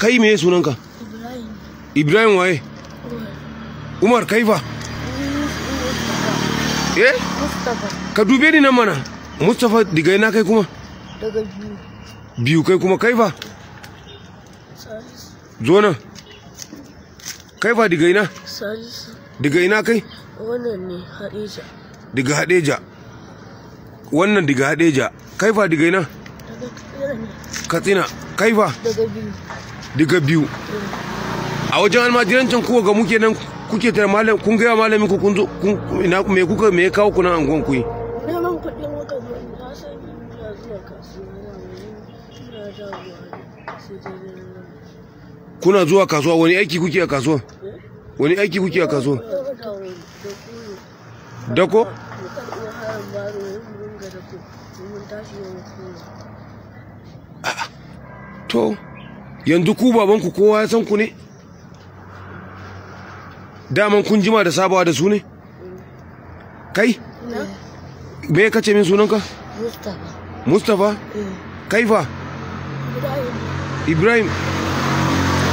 kai me sunanka ibrahim waye umar kai fa eh ka dube ni nan mana mustapha diga ina kai kuma daga biyu biyu kai kuma kai fa zo nan kai fa diga ina diga ina kai wannan ne hadeja diga hadeja wannan diga hadeja kai fa diga ina katsina kai fa daga biyu duka biyu a wajen almajirancin kuwa ga muke nan kuke tare malam kun gaya malamin ku kun zo ina me kuka me kawo ku nan angon ku kuna zuwa kasuwa wani aiki kuke a kasuwa eh? wani aiki kuke a kasuwa eh, dako to yanzu ku babanku kowa ya san ku ne daman kun jima da sabawa da su ne kai me ka ce min sunanka mustapha mustapha eh. kaifa ibrahim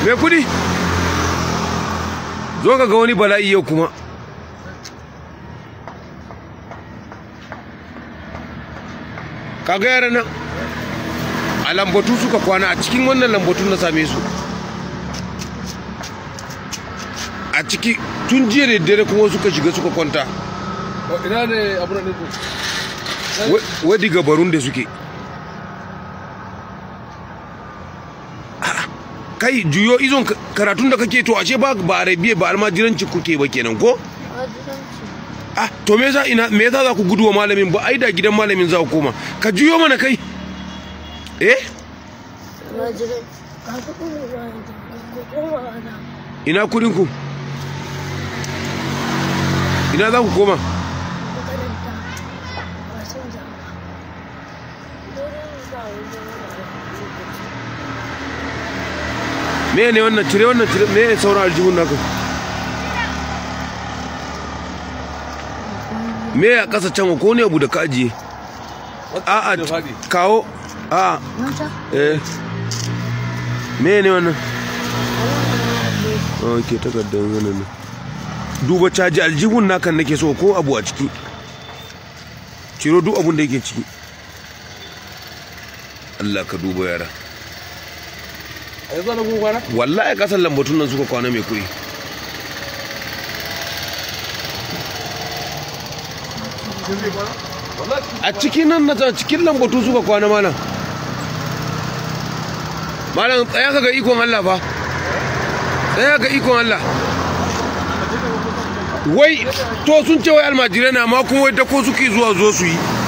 me kudi zo ka ga wani bala'i yau kuma kaga yaran nan a lambatu suka kwana a cikin wannan lambatu na same su a ciki tun jiya da dare kuma suka shiga suka kwanta ina ne abu da wai da suke kai juyo izon karatun da kake to ashe ba ba arabiya ba almajiranci kuke ba kenan ko ah to me yasa ina me yasa za ku gudu wa malamin ba ai da gidan malamin za ku koma ka juyo mana kai eh ina kudin ku ina za ku koma me ne wannan cire wannan cire me sauran aljihun naka me a ƙasa can ko ne abu da ka ajiye a'a kawo Ah. a eh me ne wannan oh, ok takardar zanen nan duba caji aljihun nakan nake so ko abu a ciki ciro duk abun da yake ciki Allah ka duba yara yanzu na gugwana wallahi kasan lambatun nan suka kwana mai kuri a cikin nan na cikin lambatu suka kwana mana malam tsaya ka ga ikon Allah fa tsaya ga ikon Allah wai to sun ce wai almajirai na ma kuma wai dako suke zuwa zo su yi